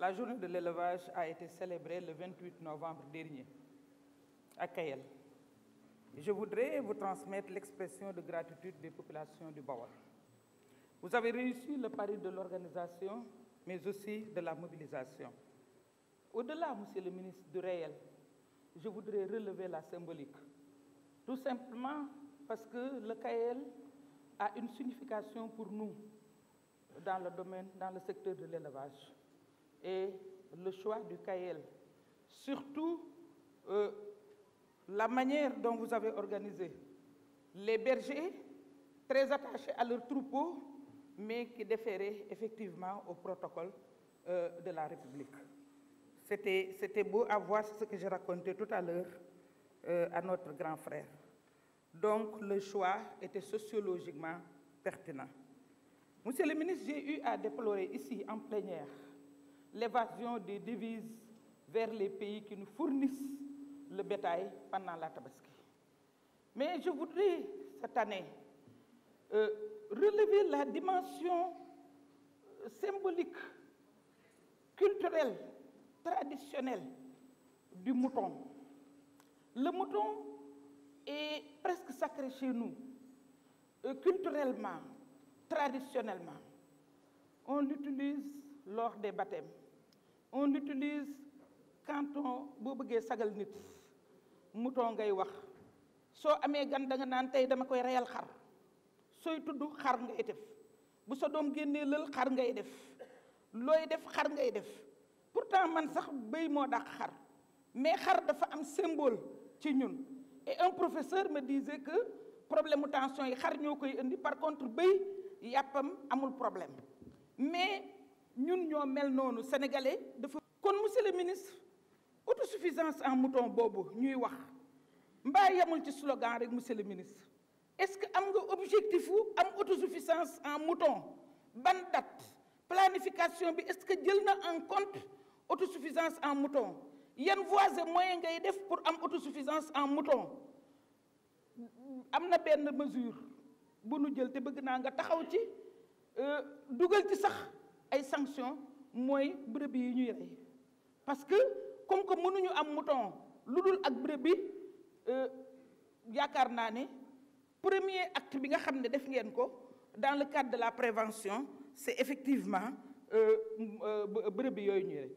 La journée de l'élevage a été célébrée le 28 novembre dernier à Kael. Je voudrais vous transmettre l'expression de gratitude des populations du Bawal. Vous avez réussi le pari de l'organisation, mais aussi de la mobilisation. Au-delà, Monsieur le ministre du Réel, je voudrais relever la symbolique. Tout simplement parce que le Kael a une signification pour nous dans le domaine, dans le secteur de l'élevage et le choix du CAEL. Surtout, euh, la manière dont vous avez organisé. Les bergers, très attachés à leur troupeau, mais qui déféraient effectivement au protocole euh, de la République. C'était beau à voir ce que j'ai raconté tout à l'heure euh, à notre grand frère. Donc le choix était sociologiquement pertinent. Monsieur le ministre, j'ai eu à déplorer ici en plénière l'évasion des devises vers les pays qui nous fournissent le bétail pendant la tabaski. Mais je voudrais cette année euh, relever la dimension euh, symbolique, culturelle, traditionnelle du mouton. Le mouton est presque sacré chez nous, euh, culturellement, traditionnellement. On l'utilise lors des baptêmes on l'utilise quand on boo bëggee sagal nit mouton ngay wax So amé gan da nga naan tey dama koy reyal xar Soy tudd xar ngay def bu sa dom génné lël xar ngay def Loy def xar ngay def pourtant man sax béy mo dak xar mais xar dafa am symbole ci ñun et un professeur me disait que problème tension yi xar ñoo indi par contre béy yàppam amul problème mais nous, ñoo mel sénégalais dafa. kon monsieur le ministre autosuffisance en mouton y ñuy wax mbaa yemul un slogan rek monsieur le ministre est-ce que am un objectif pour am autosuffisance en mouton ban date planification est-ce que vous avez en compte autosuffisance en mouton Il voies et moyens ngay pour am autosuffisance en mouton y a une mesure vous nous jël te de temps, vous taxaw ci peu ci sax ay sanctions c'est brebis yi parce que comme que avons am mouton lu brebis, ak bërëb bi euh, premier acte bi nga xam définir dans le cadre de la prévention c'est effectivement les euh, euh, brebis.